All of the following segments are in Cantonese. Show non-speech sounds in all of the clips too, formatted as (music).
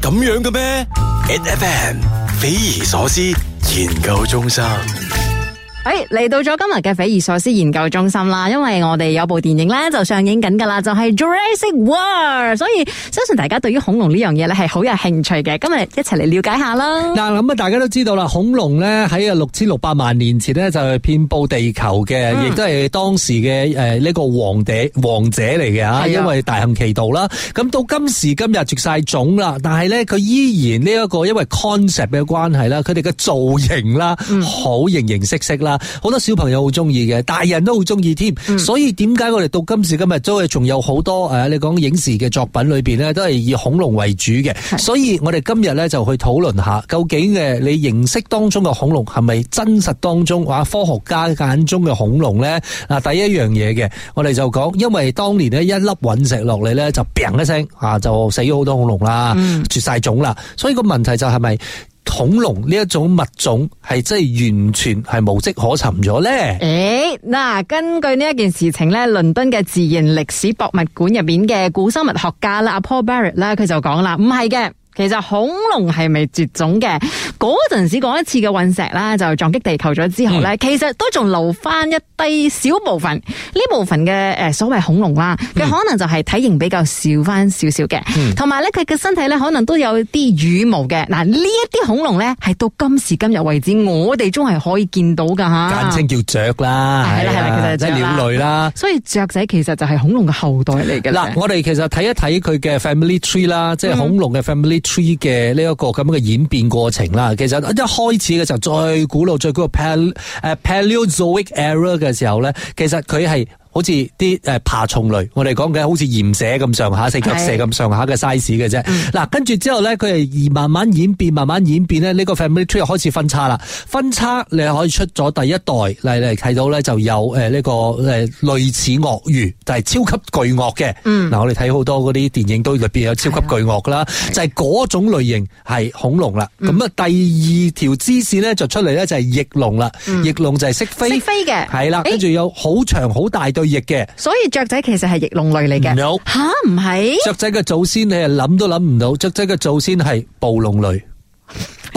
咁樣嘅咩？NFM 匪夷所思研究中心。誒、嚟、哎、到咗今日嘅匪夷所思研究中心啦，因為我哋有部電影咧就上映緊噶啦，就係、是、Jurassic World，所以相信大家對於恐龍呢樣嘢咧係好有興趣嘅。今日一齊嚟了解下啦。嗱、嗯，咁啊，大家都知道啦，恐龍咧喺啊六千六百萬年前咧就係遍佈地球嘅，亦都係當時嘅誒呢個皇帝王者嚟嘅吓，嗯、因為大行其道啦。咁到今時今日絕晒種啦，但係咧佢依然呢、這、一個因為 concept 嘅關係啦，佢哋嘅造型啦，好形形色色啦。嗯好多小朋友好中意嘅，大人都好中意添，嗯、所以點解我哋到今時今日都係仲有好多誒，你講影視嘅作品裏邊咧，都係以恐龍為主嘅。的所以我哋今日呢，就去討論下，究竟嘅你認識當中嘅恐龍係咪真實當中或科學家眼中嘅恐龍呢。嗱，第一樣嘢嘅，我哋就講，因為當年咧一粒隕石落嚟呢，就砰一聲啊，就死咗好多恐龍啦，絕晒種啦，嗯、所以個問題就係咪？恐龍呢一種物種係真係完全係無跡可尋咗呢？誒，嗱，根據呢件事情咧，倫敦嘅自然歷史博物館入面嘅古生物學家阿 Paul Barrett，佢就講啦，唔係嘅。其實恐龍係咪絕種嘅？嗰陣時講一次嘅隕石啦，就撞擊地球咗之後咧，嗯、其實都仲留翻一低小部分。呢部分嘅誒所謂恐龍啦，佢、嗯、可能就係體型比較小翻少少嘅，同埋咧佢嘅身體咧可能都有啲羽毛嘅。嗱，呢一啲恐龍咧係到今時今日為止，我哋都係可以見到噶吓。簡稱叫雀啦，係啦係啦，其實即係鳥類啦。所以雀仔其實就係恐龍嘅後代嚟嘅。嗱，我哋其實睇一睇佢嘅 family tree 啦、嗯，即係恐龍嘅 family tree。tree 嘅呢一個咁樣嘅演變過程啦，其實一開始嘅時候最古老最古老 Pale 誒 Paleozoic era 嘅時候咧，其實佢係。好似啲誒爬蟲類，我哋講嘅好似鹽蛇咁上下，四腳蛇咁上下嘅 size 嘅啫是。嗱後，跟住之後咧，佢係而慢慢演變，慢慢演變咧，呢、這個 family tree 又開始分叉啦。分叉你可以出咗第一代嚟嚟睇到咧，就有誒呢個誒類似鱷魚，就係、是、超級巨鱷嘅。嗯，嗱，我哋睇好多啲電影都裏邊有超級巨鱷啦，嗯、就係嗰種類型係恐龍啦。咁啊、嗯，第二條支線咧就出嚟咧就係翼龍啦，嗯、翼龍就係識飛飛嘅，係啦，跟住有好長好、欸、大，大。翼嘅，所以雀仔其實係翼龍類嚟嘅。吓？唔係！雀仔嘅祖先，你係諗都諗唔到。雀仔嘅祖先係暴龍類。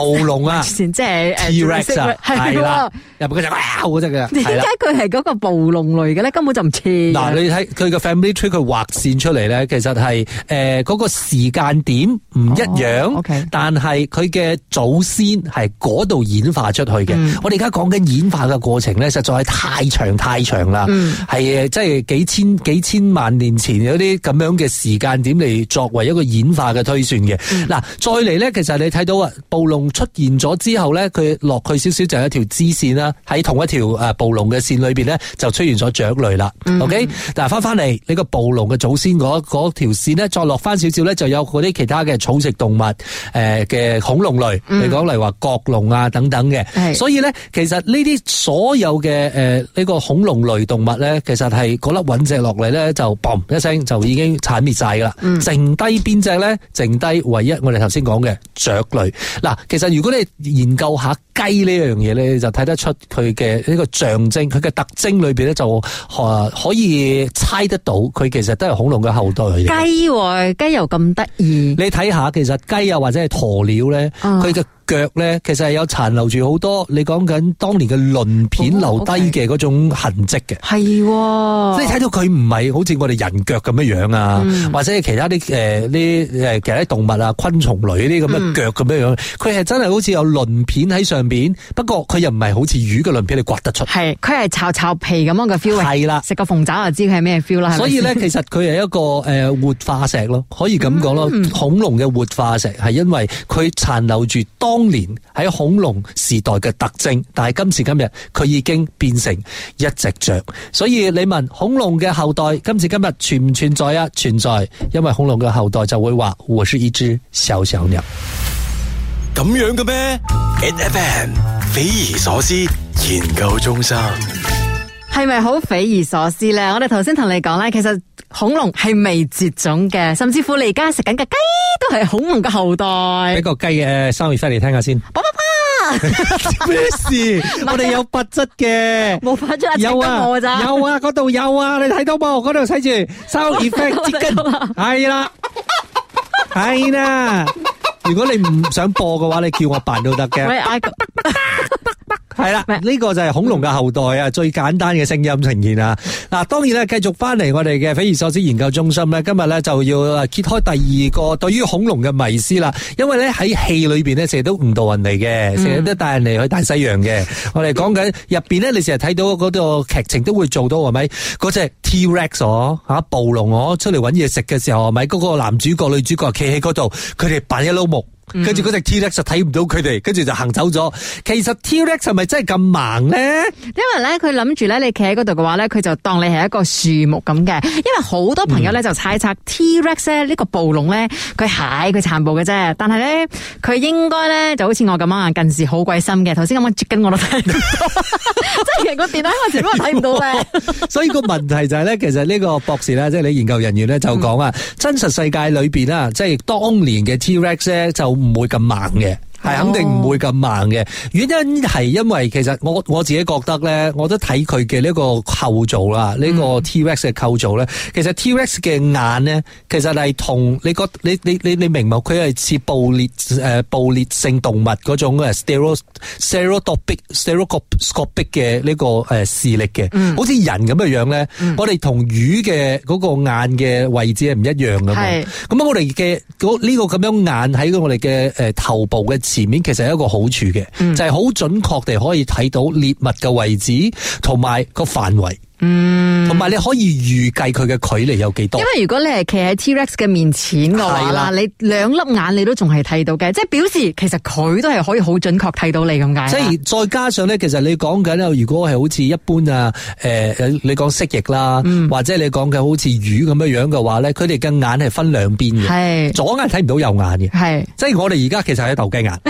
暴龍啊， (laughs) 即係、uh, T-Rex 啊，係啦 (laughs) 了，入邊佢就喵嗰隻嘅。點解佢係嗰個暴龍類嘅咧？根本就唔似。嗱、啊，你睇佢個 family tree，佢畫綫出嚟咧，其實係誒嗰個時間點唔一樣。哦、okay, okay。但係佢嘅祖先係嗰度演化出去嘅。嗯、我哋而家講緊演化嘅過程咧，實在係太長太長啦。係、嗯、即係幾千幾千萬年前有啲咁樣嘅時間點嚟作為一個演化嘅推算嘅。嗱、嗯，再嚟咧，其實你睇到啊暴龍。出現咗之後咧，佢落去少少就有一條支線啦，喺同一條誒暴龍嘅綫裏邊咧，就出現咗雀類啦。O K，嗱翻翻嚟呢個暴龍嘅祖先嗰嗰條綫咧，再落翻少少咧，就有嗰啲其他嘅草食動物誒嘅恐龍類嚟講，例如話角龍啊等等嘅。係，所以咧其實呢啲所有嘅誒呢個恐龍類動物咧，其實係嗰粒隕石落嚟咧就嘣一聲就已經產滅晒噶啦，剩低邊隻咧，剩低唯一我哋頭先講嘅雀類嗱。其實如果你研究下。雞呢樣嘢咧，就睇得出佢嘅呢個象徵，佢嘅特徵裏邊咧就、啊、可以猜得到，佢其實都係恐龍嘅後代。雞、欸，雞又咁得意。你睇下，其實雞啊或者係鴕鳥咧，佢嘅腳咧，其實係有殘留住好多你講緊當年嘅鱗片留低嘅嗰種痕跡嘅。係，你睇到佢唔係好似我哋人腳咁樣樣啊，或者係其他啲誒啲誒其他動物啊昆蟲類啲咁嘅腳咁樣樣，佢係、嗯、真係好似有鱗片喺上面。不過佢又唔係好似魚嘅鱗片你刮得出嚟，係佢係巢巢皮咁樣嘅 feel，係啦，食的個鳳爪就知佢係咩 feel 啦。所以咧，吧其實佢係一個誒、呃、活化石咯，可以咁講咯。嗯嗯嗯，恐龍嘅活化石係因為佢殘留住當年喺恐龍時代嘅特徵，但係今時今日佢已經變成一隻雀。所以你問恐龍嘅後代今時今日存唔存在啊？存在，因為恐龍嘅後代就會話我是一隻小，小小鳥。咁樣嘅咩？NFM 匪夷所思研究中心係咪好匪夷所思咧？我哋頭先同你講啦，其實恐龍係未絕種嘅，甚至乎你而家食緊嘅雞都係恐龍嘅後代。俾個雞嘅 sound effect 嚟聽下先。爸爸爸，咩事？我哋有骨質嘅，冇發出特效啫，有啊，有啊，嗰度有啊，你睇到噃，嗰度睇住 sound effect 隻雞，係啦，係啦。如果你唔想播嘅話，你叫我扮都得嘅。Right, I (laughs) 係啦，呢個就係恐龍嘅後代啊，最簡單嘅聲音呈現啊！嗱，當然啦，繼續翻嚟我哋嘅匪夷所思研究中心咧，今日咧就要揭開第二個對於恐龍嘅迷思啦。因為咧喺戲裏邊咧，成日都誤導人嚟嘅，成日都帶人嚟去大西洋嘅。我哋講緊入邊咧，你成日睇到嗰個劇情都會做到係咪？嗰隻 T-Rex 哦，吓暴龍哦，出嚟揾嘢食嘅時候係咪？嗰個男主角女主角企喺嗰度，佢哋扮一碌木。跟住嗰隻 T Rex 就睇唔到佢哋，跟住就行走咗。其實 T Rex 係咪真係咁盲咧？因為咧，佢諗住咧，你企喺嗰度嘅話咧，佢就當你係一個樹木咁嘅。因為好多朋友咧就猜測 T Rex 咧呢個暴龍咧，佢係佢殘暴嘅啫。但係咧，佢應該咧就好似我咁啊，近視好鬼深嘅。頭先咁樣接近我都睇唔到。 (laughs) (laughs) 即係其實個電話開始都睇唔到咧、哦。所以個問題就係、是、咧，其實呢個博士咧，即、就、係、是、你研究人員咧就講啊，嗯、真實世界裏邊啊，即、就、係、是、當年嘅 T Rex 咧就。唔會咁慢嘅。係肯定唔會咁慢嘅，原因係因為其實我我自己覺得咧，我都睇佢嘅呢個構造啦，呢、這個 T Rex 嘅構造咧，其實 T Rex 嘅眼咧，其實係同你覺你你你你明冇？佢係似暴烈誒、呃、暴烈性動物嗰種誒 stereo stereoscopic s t St e r e o s o p i c 嘅呢個誒視力嘅，嗯、好似人咁嘅樣咧。嗯、我哋同魚嘅個眼嘅位置係唔一樣噶嘛？咁是我哋嘅嗰呢個咁樣眼喺我哋嘅誒頭部嘅。前面其實係一個好處嘅，嗯、就係好準確地可以睇到獵物嘅位置同埋個範圍，嗯，同埋你可以預計佢嘅距離有幾多。因為如果你係企喺 T-Rex 嘅面前嘅話，嗱的，你兩粒眼你都仲係睇到嘅，嗯、即係表示其實佢都係可以好準確睇到你咁解。即係再加上咧，其實你講緊又如果係好似一般啊，誒、呃，你講蜥蜴啦，嗯、或者你講嘅好似魚咁嘅樣嘅話咧，佢哋嘅眼係分兩邊嘅，係的左眼睇唔到右眼嘅，係的。即係我哋而家其實係鬥雞眼，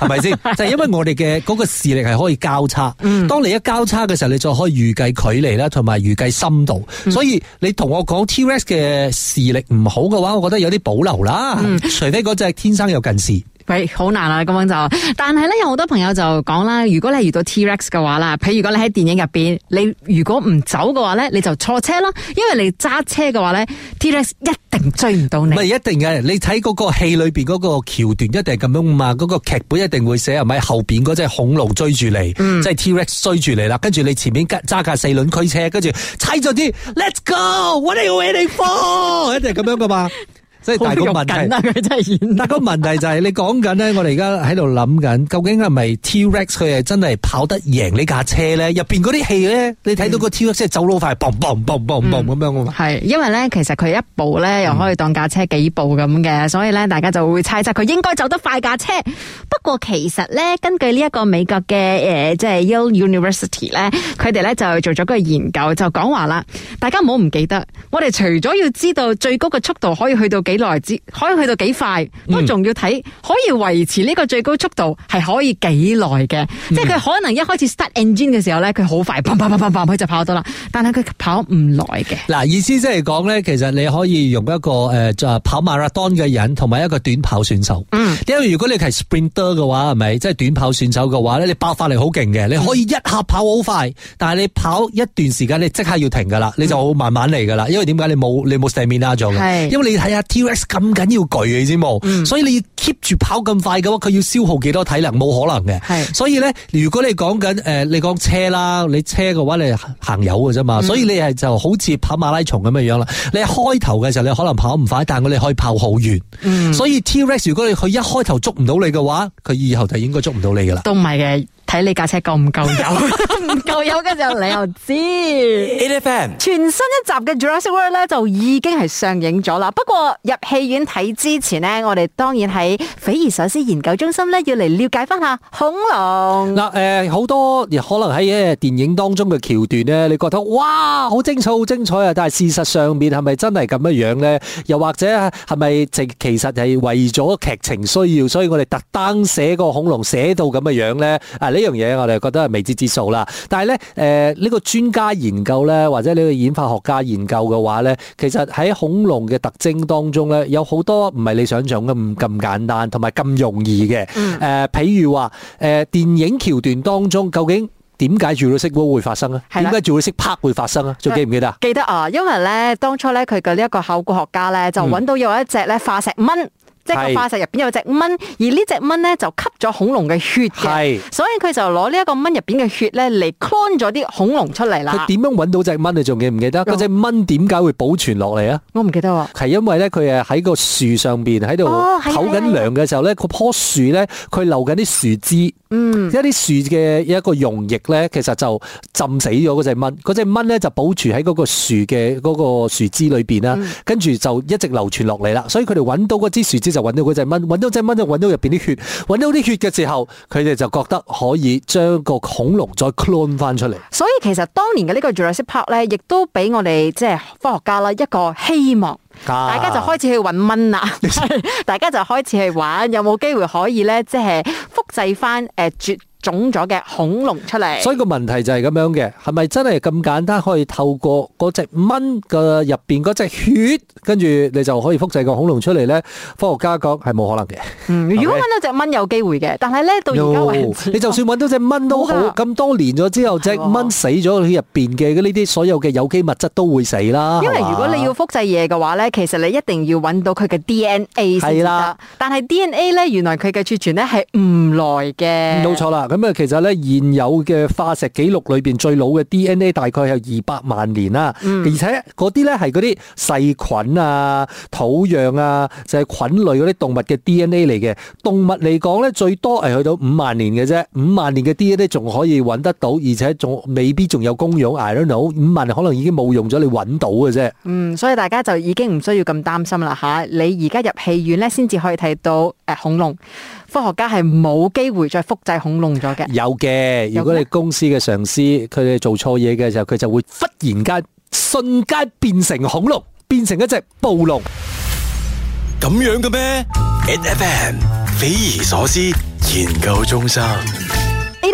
係咪先？就係、是、因為我哋嘅嗰個視力係可以交叉， (laughs) 當你一交叉嘅時候，你再可以預計距離啦，同埋預計深度。 (laughs) 所以你同我講 T-Rex 嘅視力唔好嘅話，我覺得有啲保留啦， (laughs) 除非嗰隻天生有近視。好難啦，咁樣就、啊，但係咧有好多朋友就講啦，如果你遇到 T Rex 嘅話啦，譬如如果你喺電影入邊，你如果唔走嘅話咧，你就錯車啦，因為你揸車嘅話咧，T Rex 一定追唔到你。唔係一定嘅，你睇嗰個戲裏邊嗰個橋段一定係咁樣嘛，嗰、那個劇本一定會寫係咪後邊嗰隻恐龍追住你，即係、嗯、T Rex 追住你啦，跟住你前面揸架四輪驅車，跟住踩咗啲 Let's go，What are you waiting for？ (laughs) 一定係咁樣噶嘛。 (laughs) 即係大個問題，佢真係遠。但係個問題就係， (laughs) 你講緊咧，我哋而家喺度諗緊，究竟係咪 T Rex 佢係真係跑得贏呢架車咧？入邊嗰啲戲咧，你睇到個 T Rex 即係走得好快，嘣嘣嘣嘣嘣咁樣。係、嗯，因為咧，其實佢一步咧又可以當架車幾步咁嘅，所以咧，大家就會猜測佢應該走得快架車。不過其實咧，根據呢一個美國嘅誒，即係 Yale University 咧，佢哋咧就做咗個研究，就講話啦，大家唔好唔記得，我哋除咗要知道最高嘅速度可以去到。幾耐之可以去到幾快，不過仲要睇可以維持呢個最高速度係可以幾耐嘅，嗯、即係佢可能一開始 start engine 嘅時候咧，佢好快，嘭嘭嘭嘭嘭，佢就跑咗啦。嗯、但係佢跑唔耐嘅。嗱、啊，意思即係講咧，其實你可以用一個誒就係跑馬拉松嘅人，同埋一個短跑選手。嗯、因為如果你係 sprinter 嘅話，係咪即係短跑選手嘅話咧，你爆發力好勁嘅，你可以一下跑好快，嗯、但係你跑一段時間，你即刻要停噶啦，你就好慢慢嚟噶啦。因為點解你冇你冇 stamina 咗嘅？係是，因為你睇下 T Rex 咁緊要攰嘅，你知冇？嗯、所以你要 keep 住跑咁快嘅話，佢要消耗幾多體能，冇可能嘅。係，是 所以咧，如果你講緊誒，你講車啦，你車嘅話，你行行油嘅啫嘛。嗯、所以你係就好似跑馬拉松咁樣樣啦。你開頭嘅時候，你可能跑唔快，但係我哋可以跑好遠。嗯，所以 T Rex，如果你佢一開頭捉唔到你嘅話，佢以後就應該捉唔到你噶啦。都唔係嘅。睇你架車夠唔夠油？唔夠油嘅就你又知。N.F.M. 全新一集嘅 Jurassic World 咧，就已經係上映咗啦。不過入戲院睇之前咧，我哋當然喺匪夷所思研究中心咧，要嚟了解翻下恐龍。嗱，誒，好多亦可能喺誒電影當中嘅橋段咧，你覺得哇，好精彩，好精彩啊！但係事實上面係咪真係咁樣樣咧？又或者係咪即其實係為咗劇情需要，所以我哋特登寫個恐龍寫到咁嘅樣咧？誒。呢樣嘢，我哋覺得係未知之數啦。但係咧，誒、呃、呢、呢個專家研究咧，或者呢個演化學家研究嘅話咧，其實喺恐龍嘅特徵當中咧，有好多唔係你想象咁咁簡單，同埋咁容易嘅。誒、呃，譬如話，誒、呃、電影橋段當中，究竟點解 Jurassic 會發生咧？點解 Jurassic Park 會發生啊？仲記唔記得啊？記得啊，因為咧當初咧，佢嘅呢一個考古學家咧，就揾到有一隻咧化石蚊、嗯。即係個化石入邊有隻蚊，而呢隻蚊咧就吸咗恐龍嘅血嘅，是所以佢就攞呢一個蚊入邊嘅血咧嚟 clone 咗啲恐龍出嚟啦。佢點樣搵到隻蚊？你仲記唔記得？個隻、嗯、蚊點解會保存落嚟啊？我唔記得啊。係因為咧，佢誒喺個樹上邊喺度唞緊涼嘅時候咧，個棵樹咧佢留緊啲樹枝。嗯，一啲樹嘅一個溶液咧，其實就浸死咗嗰隻蚊，嗰隻蚊咧就保存喺嗰個樹嘅嗰個樹枝裏邊啦，嗯、跟住就一直流傳落嚟啦。所以佢哋揾到嗰支樹枝就揾到嗰隻蚊，揾到隻蚊就揾到入邊啲血，揾到啲血嘅時候，佢哋就覺得可以將個恐龍再 clone 翻出嚟。所以其實當年嘅呢個 Jurassic Park 咧，亦都俾我哋即係科學家啦一個希望。大家就開始去揾蚊啦！ (laughs) 大家就開始去玩，有冇機會可以咧，即係複製返誒絕種咗嘅恐龍出嚟，所以個問題就係咁樣嘅，係咪真係咁簡單可以透過嗰隻蚊嘅入邊嗰隻血，跟住你就可以複製個恐龍出嚟呢？科學家講係冇可能嘅。嗯，如果搵到隻蚊有機會嘅，但係呢到而家係你就算搵到隻蚊都好，咁多年咗之後，隻蚊死咗，佢入邊嘅嗰呢啲所有嘅有機物質都會死啦。因為如果你要複製嘢嘅話呢，其實你一定要搵到佢嘅 DNA 先得。但係 DNA 呢，原來佢嘅儲存呢係唔耐嘅。冇錯啦。咁啊，其實咧，現有嘅化石記錄裏邊最老嘅 DNA 大概係有二百萬年啦、嗯，而且嗰啲咧係嗰啲細菌啊、土壤啊，就係、是、菌類嗰啲動物嘅 DNA 嚟嘅。動物嚟講咧，最多係去到五萬年嘅啫，五萬年嘅 DNA 仲可以揾得到，而且仲未必仲有功用。I don't know，五萬可能已經冇用咗，你揾到嘅啫。嗯，所以大家就已經唔需要咁擔心啦嚇。你而家入戲院咧，先至可以睇到誒、呃、恐龍。科學家係冇機會再複製恐龍咗嘅。有嘅，如果你公司嘅上司，佢哋做錯嘢嘅時候，佢就會忽然間瞬間變成恐龍，變成一隻暴龍。咁樣嘅咩？NFM，匪夷所思，研究中心。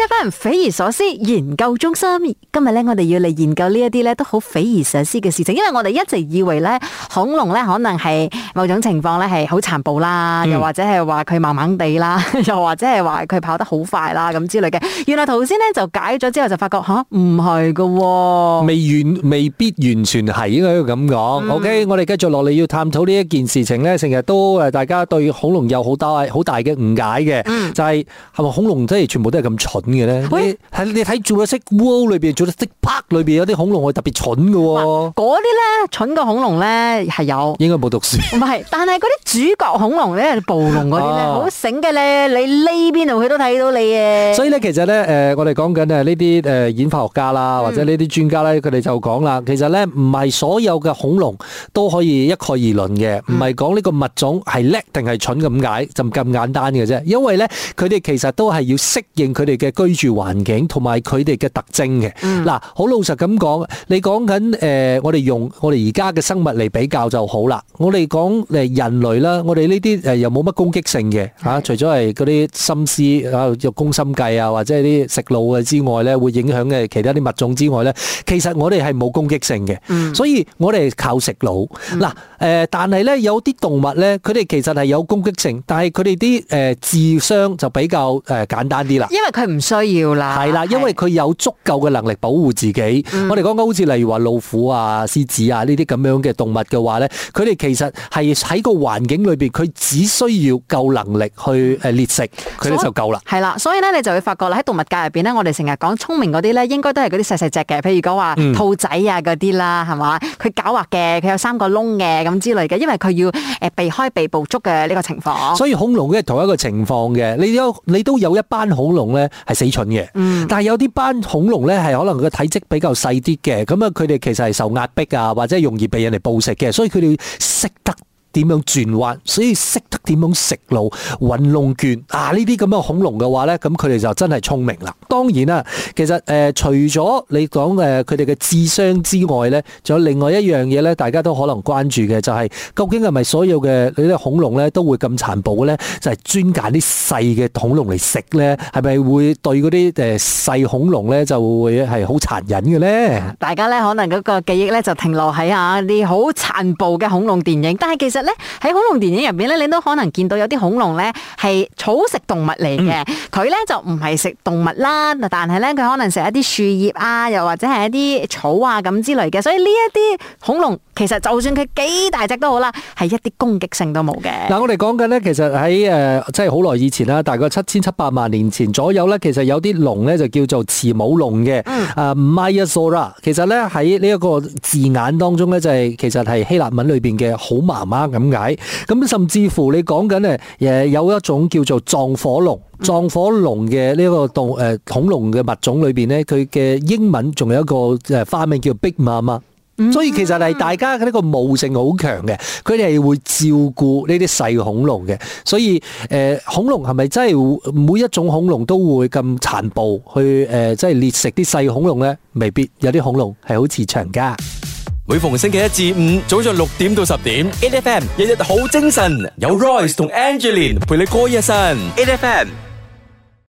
非人匪夷所思研究中心，今日咧我哋要嚟研究呢一啲咧都好匪夷所思嘅事情，因為我哋一直以為咧恐龍咧可能係某種情況咧係好殘暴啦、嗯，又或者係話佢慢慢地啦，又或者係話佢跑得好快啦咁之類嘅。原來頭先咧就解咗之後就發覺吓唔係噶，啊哦、未完未必完全係應該要咁講。嗯、OK，我哋繼續落嚟要探討呢一件事情咧，成日都誒大家對恐龍有好大好大嘅誤解嘅，就係係咪恐龍真係全部都係咁蠢？嘅咧，你喺你睇做啲色 World 裏邊，做啲色 Park 裏邊，有啲恐龍係特別蠢嘅。嗰啲咧，蠢嘅恐龍咧係有，應該冇讀書。唔係，但係嗰啲主角恐龍咧，暴龍嗰啲咧，好醒嘅咧，你匿邊度佢都睇到你嘅。所以咧，其實咧，誒，我哋講緊咧，呢啲誒演化學家啦，或者呢啲專家咧，佢哋就講啦，其實咧唔係所有嘅恐龍都可以一概而論嘅，唔係講呢個物種係叻定係蠢咁解就咁簡單嘅啫。因為咧，佢哋其實都係要適應佢哋嘅。居住環境同埋佢哋嘅特徵嘅，嗱，好老實咁講，你講緊誒我哋用我哋而家嘅生物嚟比較就好啦。我哋講誒人類啦，我哋呢啲誒又冇乜攻擊性嘅嚇，除咗係嗰啲心思啊、用攻心計啊，或者係啲食腦啊之外咧，會影響嘅其他啲物種之外咧，其實我哋係冇攻擊性嘅，所以我哋係靠食腦嗱誒。但係咧，有啲動物咧，佢哋其實係有攻擊性，但係佢哋啲誒智商就比較誒簡單啲啦，因為佢唔。需要啦，係啦，因為佢有足夠嘅能力保護自己。我哋講好似例如話老虎啊、獅子啊呢啲咁樣嘅動物嘅話咧，佢哋其實係喺個環境裏邊，佢只需要夠能力去誒獵食，佢哋就夠啦。係啦，所以咧你就會發覺啦，喺動物界入邊咧，我哋成日講聰明嗰啲咧，應該都係嗰啲細細隻嘅，譬如講話兔仔啊嗰啲啦，係嘛？佢狡猾嘅，佢有三個窿嘅咁之類嘅，因為佢要誒避開被捕捉嘅呢個情況。所以恐龍咧同一個情況嘅，你都有你都有一班恐龍咧係。死蠢嘅， (noise) 但係有啲班恐龍咧，係可能個體積比較細啲嘅，咁啊佢哋其實係受壓迫啊，或者容易被人哋捕食嘅，所以佢哋識得。點樣轉彎，所以識得點樣食路，搵窿卷啊。呢啲咁嘅恐龍嘅話咧，咁佢哋就真係聰明啦。當然啦，其實誒除咗你講誒佢哋嘅智商之外咧，仲有另外一樣嘢咧，大家都可能關注嘅就係究竟係咪所有嘅嗰啲恐龍咧都會咁殘暴咧？就係專揀啲細嘅恐龍嚟食咧？係咪會對嗰啲誒細恐龍咧就會係好殘忍嘅咧？大家咧可能嗰個記憶咧就停留喺啊啲好殘暴嘅恐龍電影，但係其實。喺恐龍電影入邊咧，你都可能見到有啲恐龍咧係草食動物嚟嘅，佢咧、嗯、就唔係食動物啦，但係咧佢可能食一啲樹葉啊，又或者係一啲草啊咁之類嘅，所以呢一啲恐龍其實就算佢幾大隻都好啦，係一啲攻擊性都冇嘅。嗱，我哋講緊咧，其實喺誒即係好耐以前啦，大概七千七百萬年前左右咧，其實有啲龍咧就叫做慈母龍嘅，啊 Maiasaura。其實咧喺呢一個字眼當中咧、就是，就係其實係希臘文裏邊嘅好媽媽。咁解，咁甚至乎你講緊誒，誒有一種叫做葬火龍，葬火龍嘅呢一個動誒、呃、恐龍嘅物種裏邊咧，佢嘅英文仲有一個誒花名叫 Big Mama 嘛。所以其實係大家呢個母性好強嘅，佢哋會照顧呢啲細恐龍嘅。所以誒、呃，恐龍係咪真係每一種恐龍都會咁殘暴去誒，即係獵食啲細恐龍咧？未必有啲恐龍係好慈祥噶。每逢星期一至五早上六點到十點，A F M 日日好精神，有 Royce 同 Angeline 陪你過一晨，A F M。